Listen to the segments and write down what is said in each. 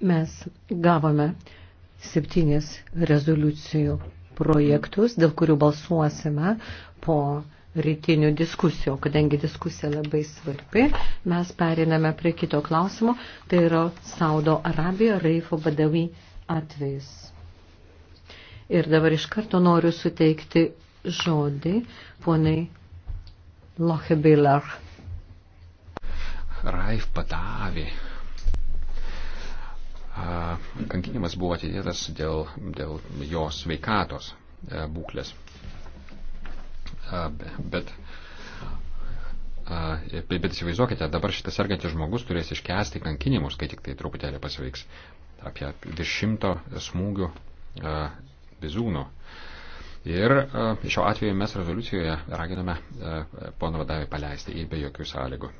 Mes gavome septynis rezoliucijų projektus, dėl kurių balsuosime po rytinių diskusijų, kadangi diskusija labai svarbi, mes periname prie kito klausimo, tai yra Saudo Arabija Raifo Badavi atvejs. Ir dabar iš karto noriu suteikti žodį ponai Lochebilar. Raif Badavi kankinimas buvo atidėtas dėl, dėl jos sveikatos e, būklės. Bet, bet įsivaizduokite, dabar šitas sergantis žmogus turės iškesti kankinimus, kai tik tai truputėlį pasveiks. Apie virš šimto smūgių bizūnų. Ir šio atveju mes rezoliucijoje raginame poną vadovį paleisti ir be jokių sąlygų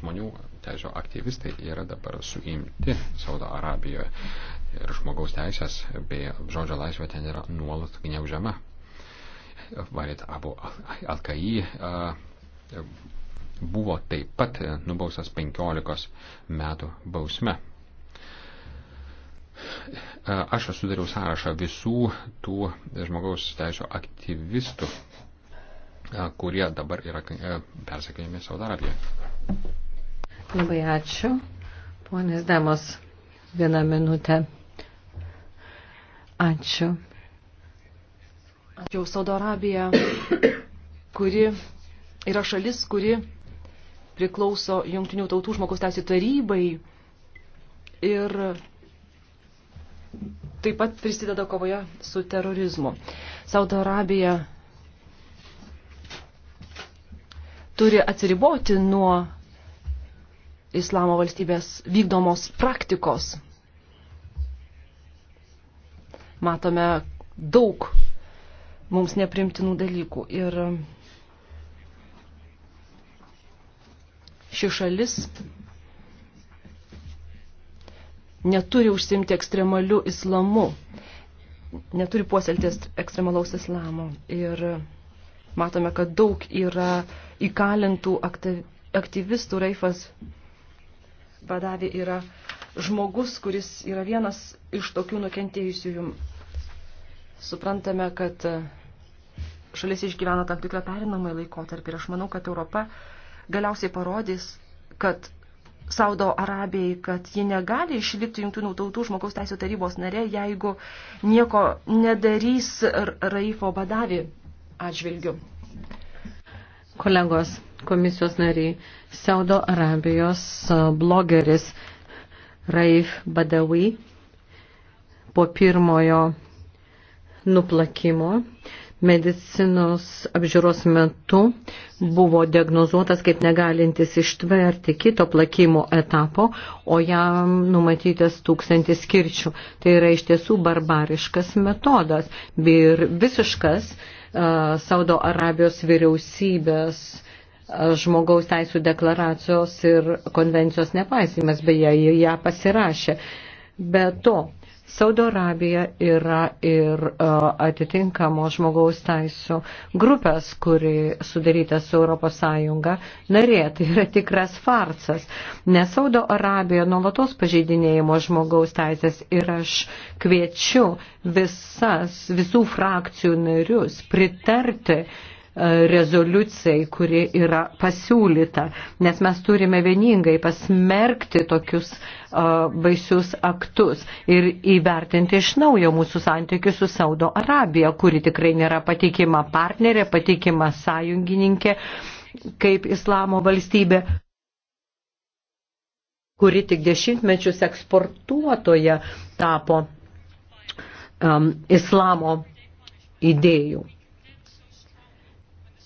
žmonių teisų aktyvistai yra dabar suimti Saudo Arabijoje ir žmogaus teisės bei žodžio laisvė ten yra nuolat gniaužiama. Varit Abu Alkai buvo taip pat nubausas 15 metų bausme. Aš sudariau sąrašą visų tų žmogaus teisų aktyvistų, kurie dabar yra persekiojami Saudarabijoje. Labai ačiū. Ponės damos, vieną minutę. Ačiū. Ačiū Saudo Arabija, kuri yra šalis, kuri priklauso Junktinių tautų žmogaus teisų tarybai ir taip pat prisideda kovoje su terorizmu. Saudo Arabija turi atsiriboti nuo islamo valstybės vykdomos praktikos. Matome daug mums neprimtinų dalykų ir ši šalis neturi užsimti ekstremaliu islamu, neturi puoselti ekstremalaus islamo. Ir Matome, kad daug yra įkalintų aktyvistų. Raifas Badavi yra žmogus, kuris yra vienas iš tokių nukentėjusiųjų. Suprantame, kad e, šalis išgyvena tam tikrą perinamąjį laikotarpį ir aš manau, kad Europa galiausiai parodys, kad Saudo Arabijai, kad ji negali išlikti Junktinių tautų žmogaus teisų tarybos narė, jeigu nieko nedarys Raifo Badavi atžvilgių. Kolegos komisijos nariai, Saudo Arabijos uh, blogeris Raif Badawi po pirmojo nuplakimo medicinos apžiūros metu buvo diagnozuotas kaip negalintis ištverti kito plakimo etapo, o jam numatytas tūkstantis skirčių. Tai yra iš tiesų barbariškas metodas ir visiškas uh, Saudo Arabijos vyriausybės žmogaus teisų deklaracijos ir konvencijos nepaisimas, beje, jie ją pasirašė. Be to, Saudo Arabija yra ir e, atitinkamos žmogaus teisų grupės, kuri sudaryta su Europos Sąjunga narė. Tai yra tikras farsas, nes Saudo Arabija nuolatos pažeidinėjimo žmogaus teisės ir aš kviečiu visas, visų frakcijų narius pritarti uh, rezoliucijai, kuri yra pasiūlyta, nes mes turime vieningai pasmerkti tokius baisius aktus ir įvertinti iš naujo mūsų santykius su Saudo Arabija, kuri tikrai nėra patikima partnerė, patikima sąjungininkė kaip islamo valstybė kuri tik dešimtmečius eksportuotoje tapo um, islamo idėjų.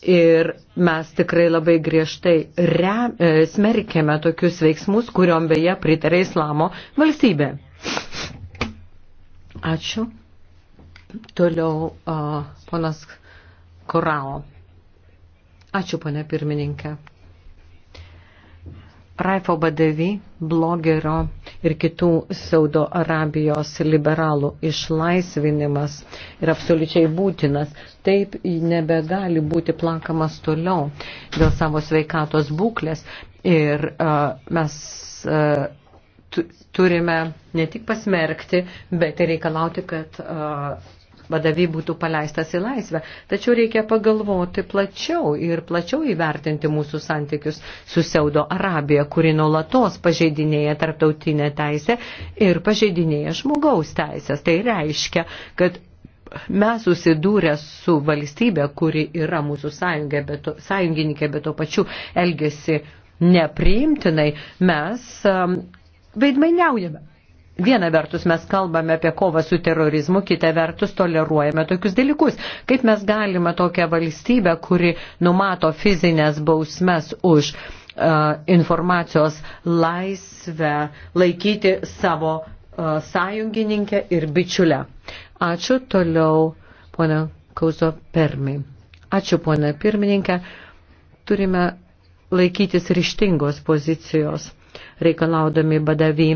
Ir mes tikrai labai griežtai re, e, smerkėme tokius veiksmus, kuriuom beje pritarė islamo valstybė. Ačiū. Toliau a, ponas Korao. Ačiū, ponė pirmininkė. Raifo Badevi, blogerio ir kitų Saudo Arabijos liberalų išlaisvinimas yra absoliučiai būtinas. Taip nebegali būti plankamas toliau dėl savo sveikatos būklės ir uh, mes. Uh, Turime ne tik pasmerkti, bet ir reikalauti, kad uh, vadovy būtų paleistas į laisvę. Tačiau reikia pagalvoti plačiau ir plačiau įvertinti mūsų santykius su Saudo Arabija, kuri nuolatos pažeidinėja tarptautinę teisę ir pažeidinėja žmogaus teisės. Tai reiškia, kad mes susidūrę su valstybė, kuri yra mūsų sąjungė, bet to, sąjungininkė, bet to pačiu elgesi nepriimtinai, mes um, veidmainiaujame. Viena vertus mes kalbame apie kovą su terorizmu, kita vertus toleruojame tokius dalykus. Kaip mes galime tokią valstybę, kuri numato fizinės bausmes už uh, informacijos laisvę, laikyti savo uh, sąjungininkę ir bičiulę. Ačiū toliau, ponia Kauzo Permi. Ačiū, ponia pirmininkė. Turime laikytis ryštingos pozicijos reikalaudami badavį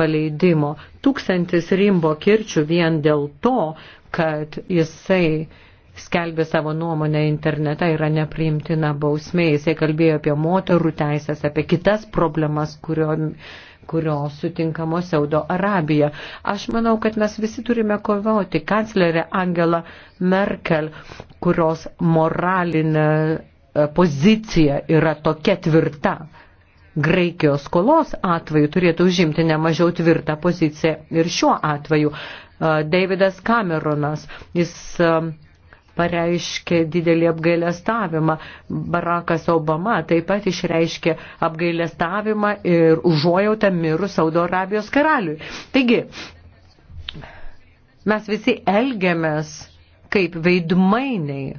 paleidimo. Tūkstantis rimbo kirčių vien dėl to, kad jisai skelbė savo nuomonę internete yra nepriimtina bausmė. Jisai kalbėjo apie moterų teisės, apie kitas problemas, kurio, kurios sutinkamos Saudo Arabija. Aš manau, kad mes visi turime kovoti. Kanclerė Angela Merkel, kurios moralinė e, pozicija yra tokia tvirta Graikijos skolos atveju turėtų užimti nemažiau tvirtą poziciją ir šiuo atveju. Davidas Cameronas, jis pareiškė didelį apgailestavimą. Barackas Obama taip pat išreiškė apgailestavimą ir užuojautą mirus Saudo Arabijos karaliui. Taigi, mes visi elgiamės kaip veidmainiai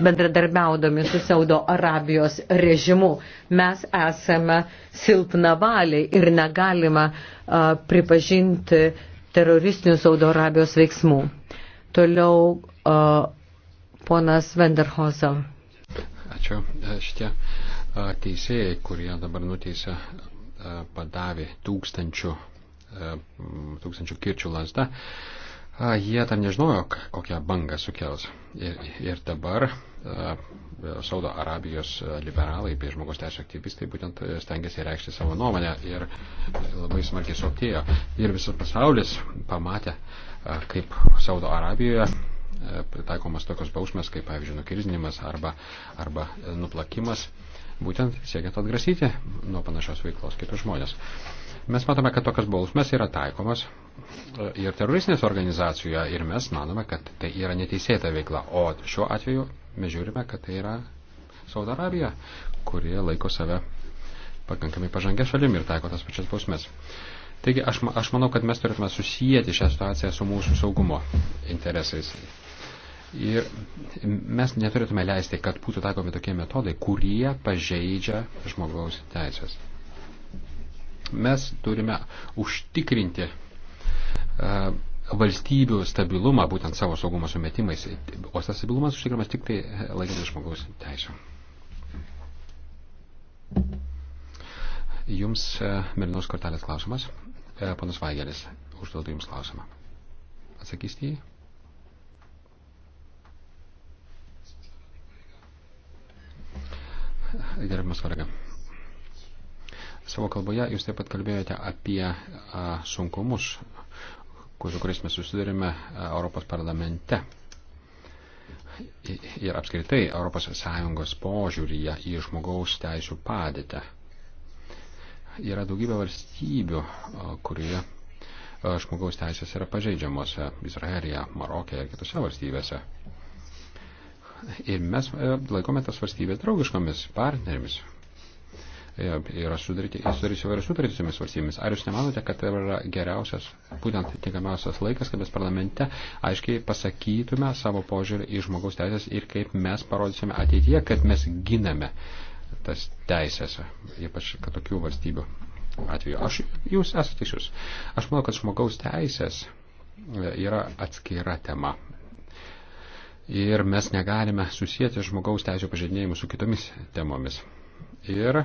bendradarbiaudami su Saudo Arabijos režimu. Mes esame silpnavaliai ir negalima a, pripažinti teroristinių Saudo Arabijos veiksmų. Toliau a, ponas Venderhoza. Ačiū. E, šitie a, teisėjai, kurie dabar nuteisė, a, padavė tūkstančių, a, tūkstančių kirčių lasdą. A, A, jie tam nežinojo, kokią bangą sukels. Ir, ir dabar a, Saudo Arabijos liberalai bei žmogaus teisų aktyvistai būtent stengiasi reikšti savo nuomonę ir labai smarkiai suaktyjo. Ir visas pasaulis pamatė, a, kaip Saudo Arabijoje pritaikomas tokios bausmės, kaip pavyzdžiui nukirzinimas arba, arba nuplakimas, būtent siekiant atgrasyti nuo panašios veiklos kitus žmonės. Mes matome, kad tokios bausmės yra taikomos e, ir teroristinės organizacijoje ir mes manome, kad tai yra neteisėta veikla. O šiuo atveju mes žiūrime, kad tai yra Saudo Arabija, kurie laiko save pakankamai pažangę šalim ir taiko tas pačias bausmės. Taigi aš, aš manau, kad mes turėtume susijęti šią situaciją su mūsų saugumo interesais. Ir mes neturėtume leisti, kad būtų taikomi tokie metodai, kurie pažeidžia žmogaus teisės. Mes turime užtikrinti e, valstybių stabilumą, būtent savo saugumo sumetimais, o tas stabilumas užtikrinamas tik tai e, laikantis žmogaus teisų. Jums e, Melinos kortelės klausimas. Panas Vaigelis užduoda Jums klausimą. Atsakysite jį? Gerbiamas kolega. Savo kalboje jūs taip pat kalbėjote apie a, sunkumus, su kuriais mes susidurime Europos parlamente ir apskritai ES požiūryje į žmogaus teisų padėtę. Yra daugybė valstybių, kurioje žmogaus teisės yra pažeidžiamos Izraelija, Marokė ir kitose valstybėse. Ir mes laikome tas valstybės draugiškomis partnerėmis, E, yra sudaryti įvairių sutartį su valstybėmis. Ar jūs nemanote, kad tai yra geriausias, būtent tinkamiausias laikas, kad mes parlamente aiškiai pasakytume savo požiūrį į žmogaus teisės ir kaip mes parodysime ateityje, kad mes giname tas teisės, ypač kad tokių valstybių atveju. Aš, jūs esate teisus. Aš manau, kad žmogaus teisės yra atskira tema. Ir mes negalime susijęti žmogaus teisų pažeidinėjimų su kitomis temomis. Ir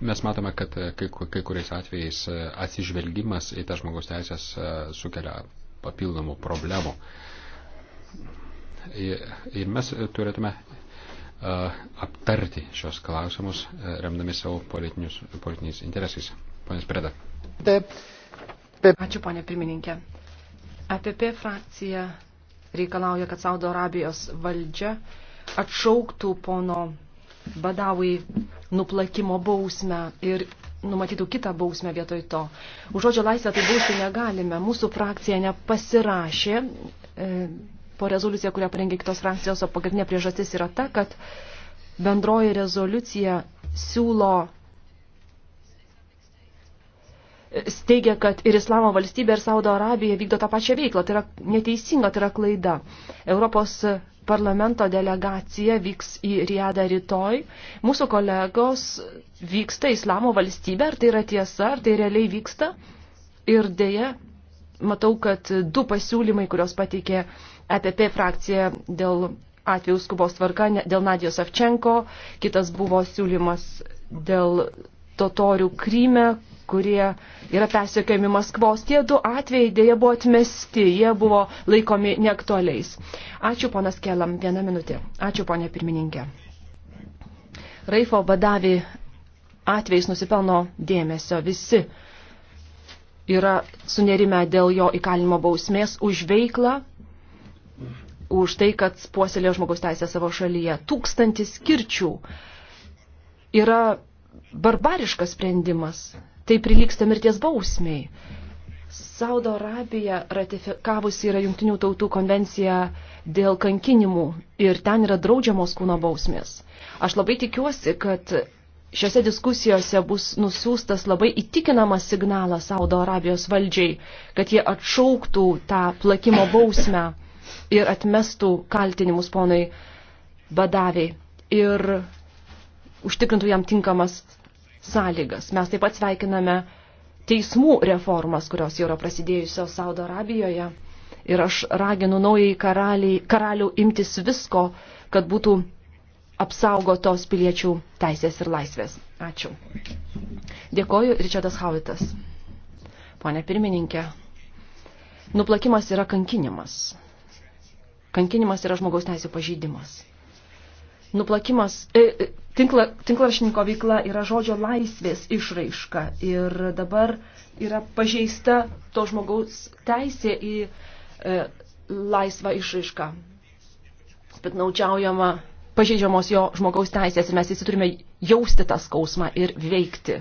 Mes matome, kad kai, kai kuriais atvejais e, atsižvelgimas į tą žmogaus teisės e, sukelia papildomų problemų. Ir mes turėtume e, aptarti šios klausimus, remdami savo politiniais interesais. Ponas Preda. Ačiū, ponė pirmininkė. APP frakcija reikalauja, kad Saudo Arabijos valdžia atšauktų pono badavai nuplakimo bausmę ir numatytų kitą bausmę vietoj to. Už žodžio laisvę tai bausti negalime. Mūsų frakcija nepasirašė e, po rezoliuciją, kurią parengė kitos frakcijos, o pagrindinė priežastis yra ta, kad bendroji rezoliucija siūlo e, steigia, kad ir Islamo valstybė, ir Saudo Arabija vykdo tą pačią veiklą. Tai yra neteisinga, tai yra klaida. Europos parlamento delegacija vyks į Riadą rytoj. Mūsų kolegos vyksta Islamo valstybę, ar tai yra tiesa, ar tai realiai vyksta. Ir dėja, matau, kad du pasiūlymai, kurios pateikė EPP frakcija dėl atvejų skubos tvarka, dėl Nadijos Avčenko, kitas buvo siūlymas dėl totorių Kryme, kurie yra persekiojami Maskvos. Tie du atvejai dėja buvo atmesti, jie buvo laikomi neaktualiais. Ačiū, ponas Kelam, vieną minutę. Ačiū, ponė pirmininkė. Raifo Badavi atvejais nusipelno dėmesio visi. Yra sunerime dėl jo įkalinimo bausmės už veiklą, už tai, kad puoselė žmogaus teisę savo šalyje. Tūkstantis kirčių yra barbariškas sprendimas tai prilyksta mirties bausmiai. Saudo Arabija ratifikavusi yra Junktinių tautų konvenciją dėl kankinimų ir ten yra draudžiamos kūno bausmės. Aš labai tikiuosi, kad šiose diskusijose bus nusiųstas labai įtikinamas signalas Saudo Arabijos valdžiai, kad jie atšauktų tą plakimo bausmę ir atmestų kaltinimus ponai badaviai ir užtikrintų jam tinkamas sąlygas. Mes taip pat sveikiname teismų reformas, kurios jau yra prasidėjusios Saudo Arabijoje. Ir aš raginu naujai karaliai, karalių imtis visko, kad būtų apsaugotos piliečių teisės ir laisvės. Ačiū. Dėkoju, Ričardas Hauitas. Pone pirmininkė, nuplakimas yra kankinimas. Kankinimas yra žmogaus teisų pažydimas. Nuplakimas, e, e tinkla, tinklašninko veikla yra žodžio laisvės išraiška ir dabar yra pažeista to žmogaus teisė į e, laisvą išraišką. Pitnaučiaujama pažeidžiamos jo žmogaus teisės ir mes visi turime jausti tą skausmą ir veikti.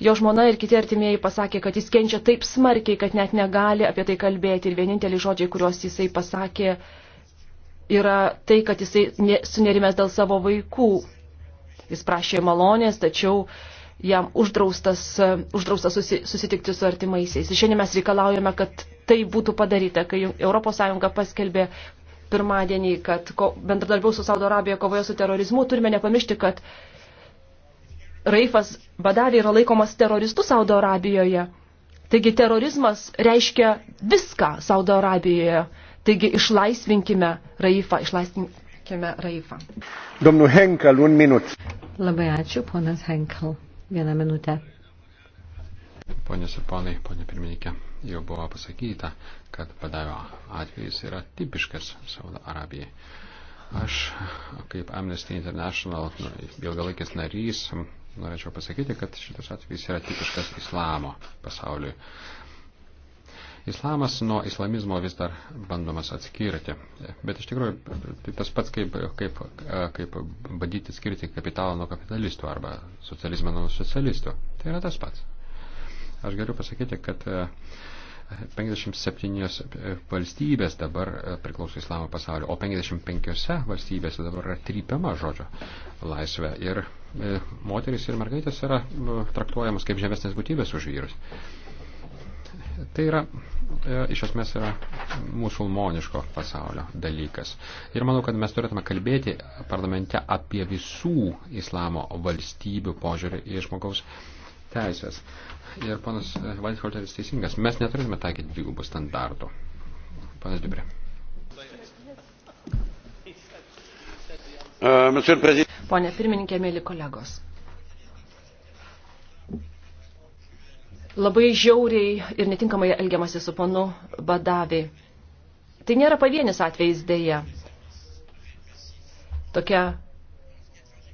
Jo žmona ir kiti artimieji pasakė, kad jis kenčia taip smarkiai, kad net negali apie tai kalbėti ir vieninteliai žodžiai, kuriuos jisai pasakė, uh, yra tai, kad jisai sunerimęs dėl savo vaikų. Jis prašė malonės, tačiau jam uždraustas, uždraustas susi, susitikti su artimaisiais. Šiandien mes reikalaujame, kad tai būtų padaryta, kai ES paskelbė pirmadienį, kad bendradarbiaus su Saudo Arabija kovoje su terorizmu, turime nepamiršti, kad Raifas Badari yra laikomas teroristu Saudo Arabijoje. Taigi terorizmas reiškia viską Saudo Arabijoje Taigi išlaisvinkime Raifą, išlaisvinkime Raifą. Domnu Henkel, un minut. Labai ačiū, ponas Henkel. Vieną minutę. Ponės ir ponai, ponė pirmininkė, jau buvo pasakyta, kad padavio atvejis yra tipiškas Saudo Arabijai. Aš, kaip Amnesty International nu, ilgalaikis narys, norėčiau pasakyti, kad šitas atvejis yra tipiškas islamo pasauliui. Islamas nuo islamizmo vis dar bandomas atskirti. Bet iš tikrųjų tai tas pats kaip, kaip, kaip bandyti skirti kapitalą nuo kapitalistų arba socializmą nuo socialistų. Tai yra tas pats. Aš galiu pasakyti, kad 57 valstybės dabar priklauso islamo pasaulio, o 55 valstybėse dabar yra trypiama žodžio laisvė. Ir e, moteris ir mergaitės yra traktuojamas kaip žemesnės būtybės už vyrus. Tai yra, e, iš esmės, yra musulmoniško pasaulio dalykas. Ir manau, kad mes turėtume kalbėti parlamente apie visų islamo valstybių požiūrį į žmogaus teisės. Ir ponas Valdholteris teisingas, mes neturėtume taikyti dvigubų standartų. Ponas Dibrė. Pone pirmininkė, mėly kolegos. labai žiauriai ir netinkamai elgiamasi su ponu Badavi. Tai nėra pavienis atvejis dėja. Tokia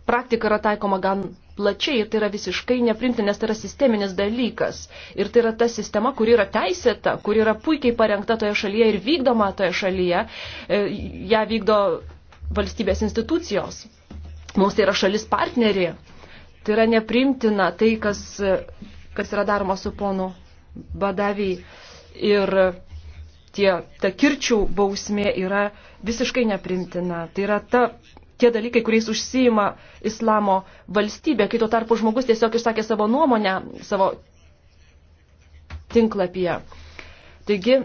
praktika yra taikoma gan plačiai ir tai yra visiškai neprimti, nes tai yra sisteminis dalykas. Ir tai yra ta sistema, kuri yra teisėta, kuri yra puikiai parengta toje šalyje ir vykdoma toje šalyje. E, ja vykdo valstybės institucijos. Mums tai yra šalis partnerė. Tai yra neprimtina tai, kas kas yra daroma su ponu Badavy. Ir tie, ta kirčių bausmė yra visiškai neprimtina. Tai yra ta, tie dalykai, kuriais užsijima islamo valstybė, kai tuo tarpu žmogus tiesiog išsakė savo nuomonę savo tinklapyje. Taigi,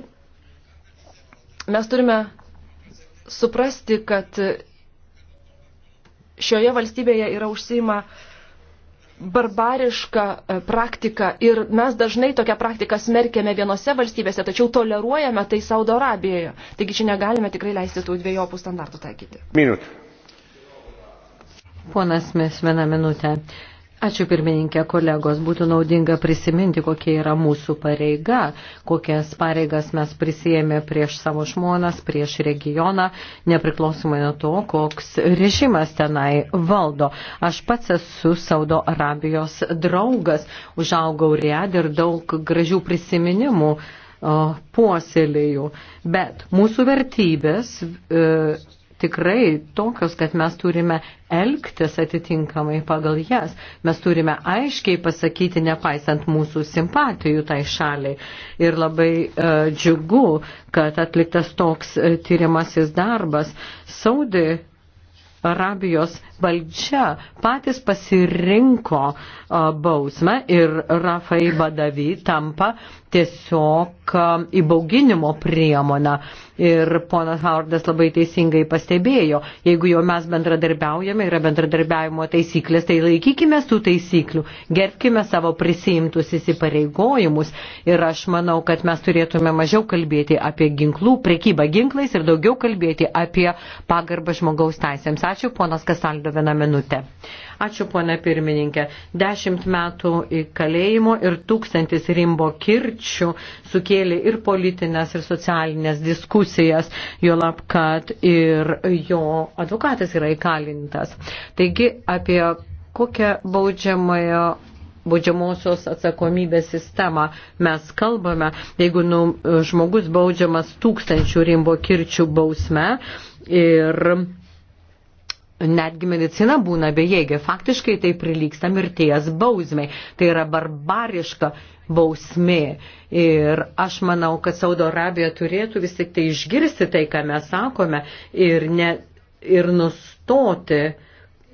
mes turime suprasti, kad šioje valstybėje yra užsijima uh, barbarišką e, praktiką ir mes dažnai tokią praktiką smerkėme vienose valstybėse, tačiau toleruojame tai Saudo Arabijoje. Taigi čia negalime tikrai leisti tų dviejopų standartų taikyti. Minut. Ponas Mes, vieną minutę. Ačiū pirmininkė, kolegos. Būtų naudinga prisiminti, kokia yra mūsų pareiga, kokias pareigas mes prisijėmė prieš savo žmonas, prieš regioną, nepriklausomai nuo to, koks režimas tenai valdo. Aš pats esu Saudo Arabijos draugas, užaugau riad ir daug gražių prisiminimų puoselėjų. Bet mūsų vertybės. E, tikrai tokios, kad mes turime elgtis atitinkamai pagal jas. Mes turime aiškiai pasakyti, nepaisant mūsų simpatijų tai šaliai. Ir labai e, džiugu, kad atliktas toks e, tyrimasis darbas. Saudi Arabijos valdžia patys pasirinko bausmę ir Rafai Badavy tampa tiesiog įbauginimo priemonę. Ir ponas Howardas labai teisingai pastebėjo, jeigu jau mes bendradarbiaujame, yra bendradarbiavimo taisyklės, tai laikykime tų taisyklių, gerbkime savo prisimtus įsipareigojimus. Ir aš manau, kad mes turėtume mažiau kalbėti apie ginklų, prekybą ginklais ir daugiau kalbėti apie pagarbą žmogaus teisėms. Ačiū, ponas Kasaldo Mato vieną minutę. Ačiū, ponė pirmininkė. Dešimt metų į kalėjimo ir tūkstantis rimbo kirčių sukėlė ir politinės, ir socialinės diskusijas, jo lab, kad ir jo advokatas yra įkalintas. Taigi, apie kokią baudžiamąją baudžiamosios atsakomybės sistemą mes kalbame, jeigu nu, žmogus baudžiamas tūkstančių rimbo kirčių bausme ir netgi medicina būna bejėgė. Faktiškai tai prilyksta mirties bausmiai. Tai yra barbariška bausmė. Ir aš manau, kad Saudo Arabija turėtų vis tik tai išgirsti tai, ką mes sakome ir, ne, ir nustoti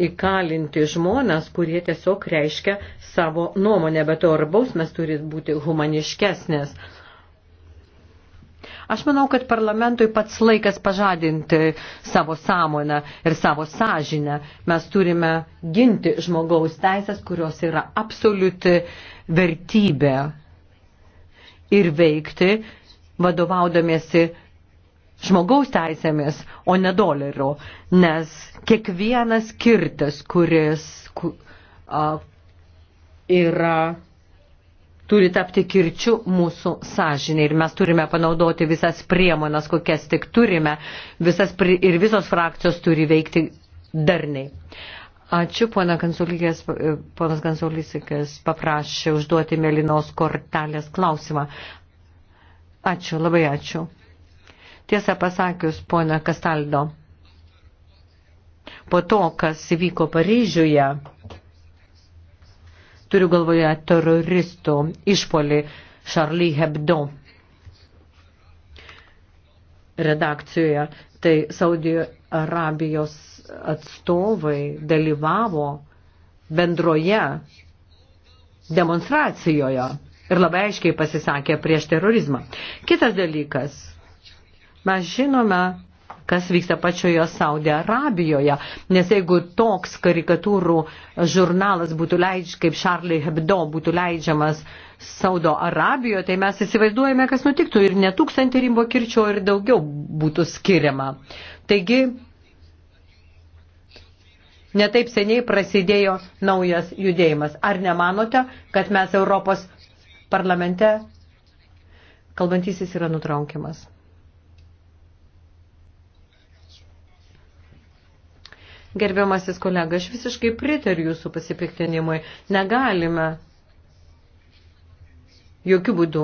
įkalinti žmonės, kurie tiesiog reiškia savo nuomonę, bet to ir bausmės turi būti humaniškesnės. Aš manau, kad parlamentui pats laikas pažadinti savo sąmoną ir savo sąžinę. Mes turime ginti žmogaus teisės, kurios yra absoliuti vertybė ir veikti vadovaudamiesi žmogaus teisėmis, o ne doleriu, nes kiekvienas kirtis, kuris ku, a, yra turi tapti kirčiu mūsų sąžinė ir mes turime panaudoti visas priemonas, kokias tik turime visas, ir visos frakcijos turi veikti darniai. Ačiū, ponas Gansolisikas paprašė užduoti mėlynos kortelės klausimą. Ačiū, labai ačiū. Tiesą pasakius, pona Kastaldo, po to, kas įvyko Paryžiuje, Turiu galvoje teroristų išpolį Charlie Hebdo redakcijoje. Tai Saudijo Arabijos atstovai dalyvavo bendroje demonstracijoje ir labai aiškiai pasisakė prieš terorizmą. Kitas dalykas. Mes žinome, kas vyksta pačioje Saudė Arabijoje. Nes jeigu toks karikatūrų žurnalas būtų leidžiamas, kaip Charlie Hebdo būtų leidžiamas Saudo Arabijoje, tai mes įsivaizduojame, kas nutiktų ir ne tūkstantį rimbo kirčio ir daugiau būtų skiriama. Taigi, netaip seniai prasidėjo naujas judėjimas. Ar nemanote, kad mes Europos parlamente kalbantysis yra nutraukiamas? Gerbiamasis kolega, aš visiškai pritariu jūsų pasipiktinimui. Negalime jokių būdų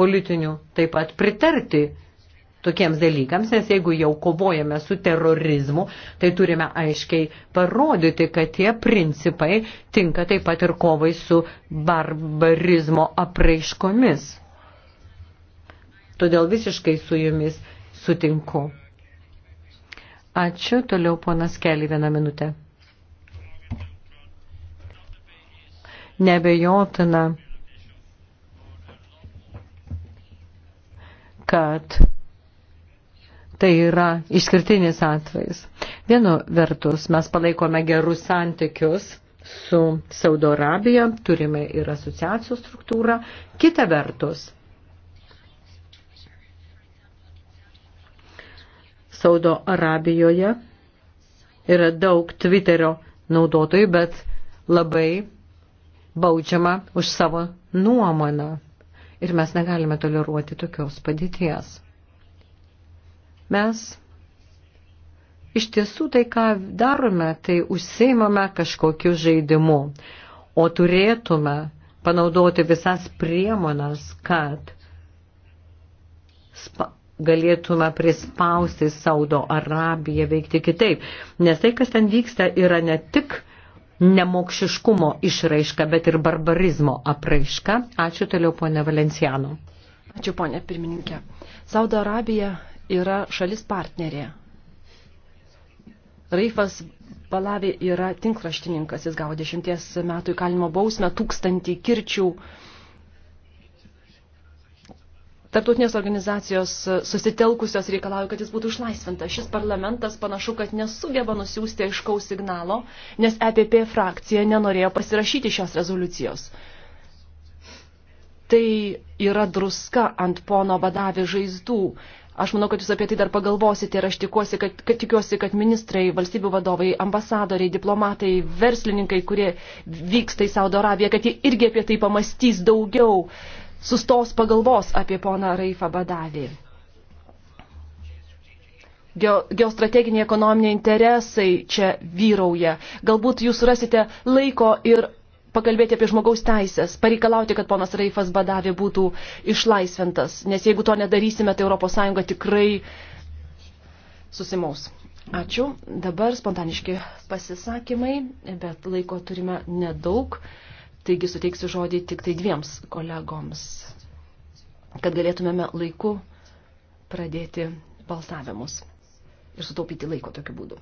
politinių taip pat pritarti tokiems dalykams, nes jeigu jau kovojame su terorizmu, tai turime aiškiai parodyti, kad tie principai tinka taip pat ir kovai su barbarizmo apraiškomis. Todėl visiškai su jumis sutinku. Ačiū. Toliau ponas Keli vieną minutę. Nebejotina, kad tai yra išskirtinis atvejs. Vienu vertus, mes palaikome gerus santykius su Saudo Arabija, turime ir asociacijos struktūrą. Kita vertus, Saudo Arabijoje yra daug Twitterio naudotojų, bet labai baudžiama už savo nuomonę. Ir mes negalime toleruoti tokios padėties. Mes iš tiesų tai, ką darome, tai užsiimame kažkokiu žaidimu, o turėtume panaudoti visas priemonas, kad spa galėtume prispausti Saudo Arabiją veikti kitaip. Nes tai, kas ten vyksta, yra ne tik nemokšiškumo išraiška, bet ir barbarizmo apraiška. Ačiū toliau, ponė Valenciano. Ačiū, ponė pirmininkė. Saudo Arabija yra šalis partnerė. Raifas Balavi yra tinklaštininkas, jis gavo dešimties metų įkalinimo bausmę, tūkstantį kirčių Tartutinės organizacijos e, susitelkusios reikalauja, kad jis būtų išlaisvintas. Šis parlamentas panašu, kad nesugeba nusiųsti aiškaus signalo, nes EPP frakcija nenorėjo pasirašyti šios rezoliucijos. Tai yra druska ant pono badavi žaizdų. Aš manau, kad jūs apie tai dar pagalvosite ir aš tikiuosi, kad, kad, tikiuosi, kad ministrai, valstybių vadovai, ambasadoriai, diplomatai, verslininkai, kurie vyksta į Saudo Arabiją, kad jie irgi apie tai pamastys daugiau. Uh, sustos pagalvos apie poną Raifą Badavį. Geostrateginiai ekonominiai interesai čia vyrauja. Galbūt jūs rasite laiko ir pakalbėti apie žmogaus teisės, pareikalauti, kad ponas Raifas Badavė būtų išlaisvintas, nes jeigu to nedarysime, tai ES tikrai susimaus. Ačiū. Dabar spontaniški pasisakymai, bet laiko turime nedaug. Taigi suteiksiu žodį tik tai dviems kolegoms, kad galėtumėme laiku pradėti balsavimus ir sutaupyti laiko tokiu būdu.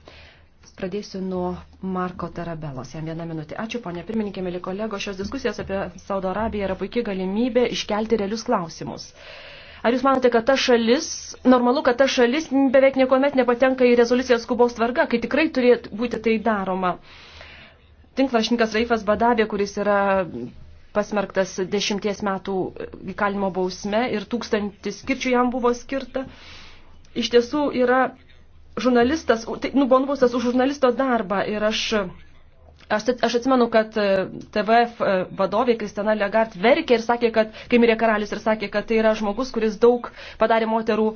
Pradėsiu nuo Marko Tarabelos. Jam vieną minutę. Ačiū, ponė pirmininkė, mėly kolego. Šios diskusijos apie Saudo Arabiją yra puikiai galimybė iškelti realius klausimus. Ar jūs manote, kad ta šalis, normalu, kad ta šalis beveik niekuomet nepatenka į rezoliuciją skubos tvarga, kai tikrai turėtų būti tai daroma? Uh, tinklašnikas Raifas Badabė, kuris yra pasmerktas dešimties metų įkalinimo bausme ir tūkstantis skirčių jam buvo skirta. Iš tiesų yra žurnalistas, tai, nu, buvo nubaustas už žurnalisto darbą ir aš, aš, aš atsimenu, kad e, TVF e, vadovė Kristina Legard verkė ir sakė, kad, kai mirė karalis ir sakė, kad tai yra žmogus, kuris daug padarė moterų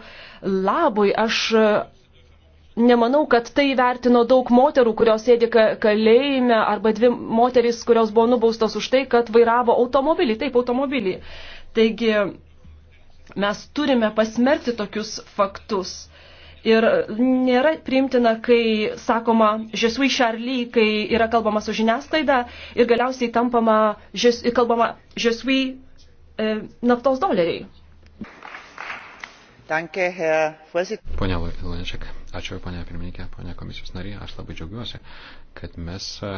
labui. Aš nemanau, kad tai vertino daug moterų, kurios sėdi kalėjime, arba dvi moterys, kurios buvo nubaustos už tai, kad vairavo automobilį, taip, automobilį. Taigi mes turime pasmerkti tokius faktus. Ir nėra priimtina, kai sakoma žesui šarly, kai yra kalbama su žiniasklaida ir galiausiai tampama žes, kalbama žesui e, euh, naftos doleriai. Pone Lanček, ačiū ponia pirmininkė, ponia komisijos narė, aš labai džiaugiuosi, kad mes e,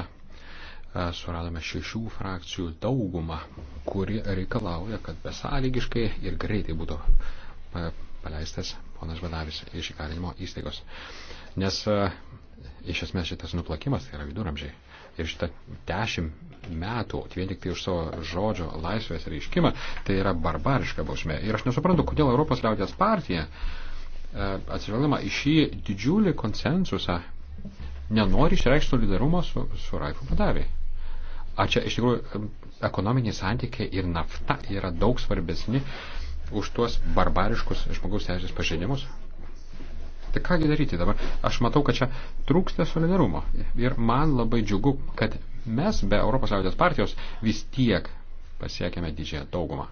e, suradome šešių frakcijų daugumą, kuri reikalauja, kad besąlygiškai ir greitai būtų e, paleistas ponas Vadavis iš įkalinimo įstaigos. Nes iš esmės šitas nuplakimas tai yra viduramžiai ir šita dešimt metų vien tik tai už savo žodžio laisvės reiškimą, tai yra barbariška bausmė. Ir aš nesuprantu, kodėl Europos liaudės partija e, atsižvelgama į šį didžiulį konsensusą nenori išreikšti solidarumo su, su Raifu Badavė. Ar čia iš tikrųjų ekonominiai santykiai ir nafta yra daug svarbesni už tuos barbariškus žmogaus teisės pažeidimus? Tai kągi daryti dabar? Aš matau, kad čia trūksta solidarumo. Ir man labai džiugu, kad Mes be Europos liaudės partijos vis tiek pasiekėme didžiąją daugumą.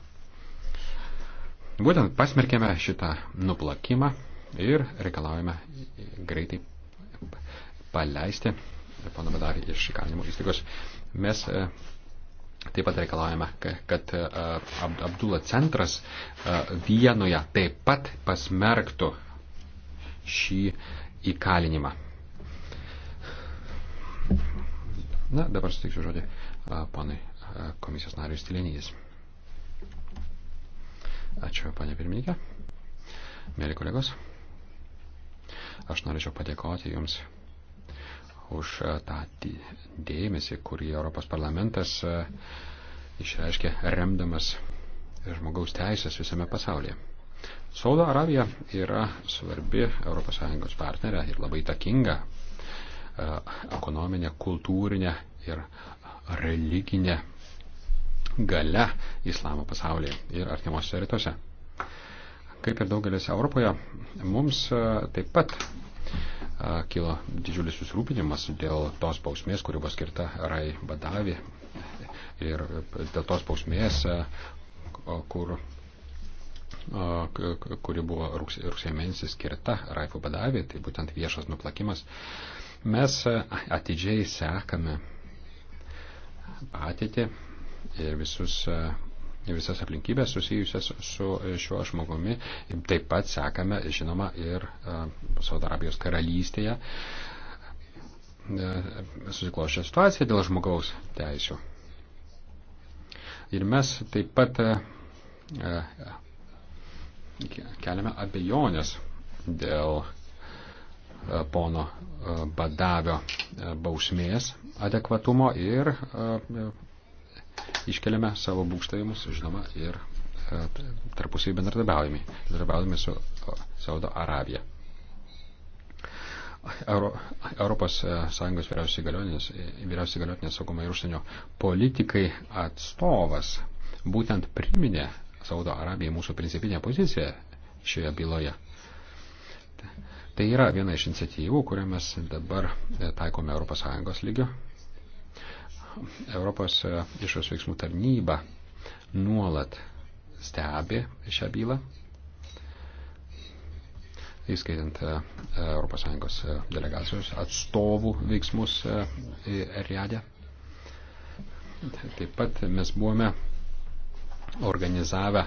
Būtent pasmerkėme šitą nuplakimą ir reikalaujame greitai paleisti pana Badarį iš įkalinimo įstaigos. Mes e, taip pat reikalaujame, kad e, Abdullah centras e, Vienoje taip pat pasmerktų šį įkalinimą. Na, dabar suteiksiu žodį panai komisijos nariui Stilenijas. Ačiū, panė pirmininkė. Mėly kolegos, aš norėčiau padėkoti Jums už tą dėmesį, kurį Europos parlamentas išreiškė remdamas žmogaus teisės visame pasaulyje. Saudo Arabija yra svarbi ES partnerė ir labai takinga E, ekonominė, kultūrinė ir religinė gale islamo pasaulyje ir artimuose rytuose. Kaip ir daugelis Europoje, mums e, taip pat e, kilo didžiulis susirūpinimas dėl tos bausmės, kuri buvo skirta Rai Badavi ir dėl tos bausmės, kur kuri buvo rugsėjo mėnesį skirta Raifu Badavi, tai būtent viešas nuplakimas. Mes e, atidžiai sekame ateitį ir visus e, visas aplinkybės susijusias su šiuo žmogumi. Taip pat sekame, žinoma, ir e, Saudarabijos karalystėje susiklošę situaciją dėl žmogaus teisų. Ir mes taip pat keliame abejonės dėl E, pono e, badavio e, bausmės adekvatumo ir iškeliame savo būkštavimus, žinoma, ir tarpusiai bendradarbiaujame, bendradarbiaujame su Saudo Arabija. Euro, Europos Sąjungos vyriausiai galiotinės saugumo ir užsienio politikai atstovas būtent priminė Saudo Arabijai mūsų principinę poziciją šioje byloje. Tai yra viena iš iniciatyvų, kurią mes dabar e, taikome ES lygio. Europos e, išos veiksmų tarnyba nuolat stebi šią bylą, įskaitant ES e, delegacijos atstovų veiksmus Riadė. Taip pat mes buvome organizavę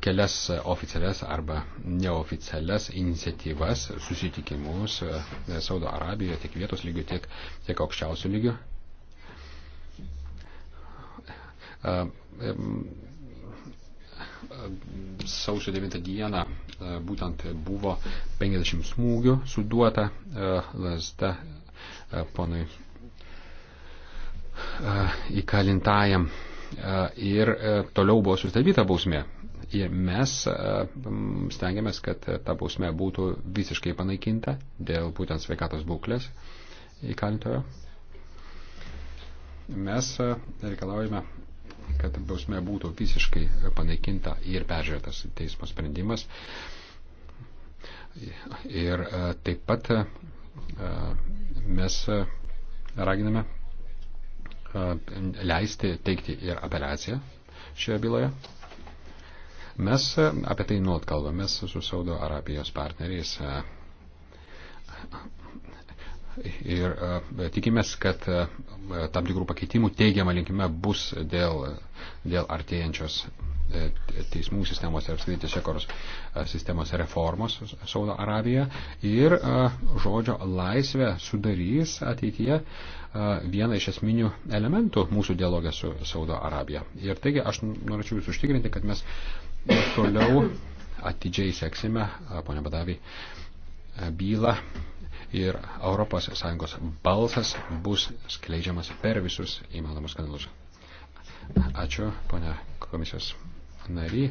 kelias oficialias arba neoficialias iniciatyvas, susitikimus Saudo Arabijoje tiek vietos lygių, tiek, tiek aukščiausių lygių. Sausio 9 dieną būtent buvo 50 smūgių suduota lasda ponui įkalintajam ir e, toliau buvo sustabdyta bausmė mes e, stengiamės, kad ta bausmė būtų visiškai panaikinta dėl būtent sveikatos būklės įkalintojo. Mes e, reikalaujame, kad bausmė būtų visiškai panaikinta ir peržiūrėtas teismo sprendimas. Ir e, taip pat mes raginame leisti teikti ir apeliaciją šioje byloje. Mes e, apie tai nuot kalbamės su Saudo Arabijos partneriais e, ir e, tikimės, kad tam tikrų pakeitimų teigiama linkime bus dėl, dėl artėjančios teismų sistemos ir apskritai teisėkoros sistemos reformos Saudo Arabija ir žodžio laisvė sudarys ateityje vieną iš esminių elementų mūsų dialogę su Saudo Arabija. Ir taigi aš norėčiau jūs užtikrinti, kad mes Ir toliau atidžiai seksime, ponia Badavį, bylą ir ES balsas bus skleidžiamas per visus įmanomus kanalus. Ačiū, ponia komisijos nary.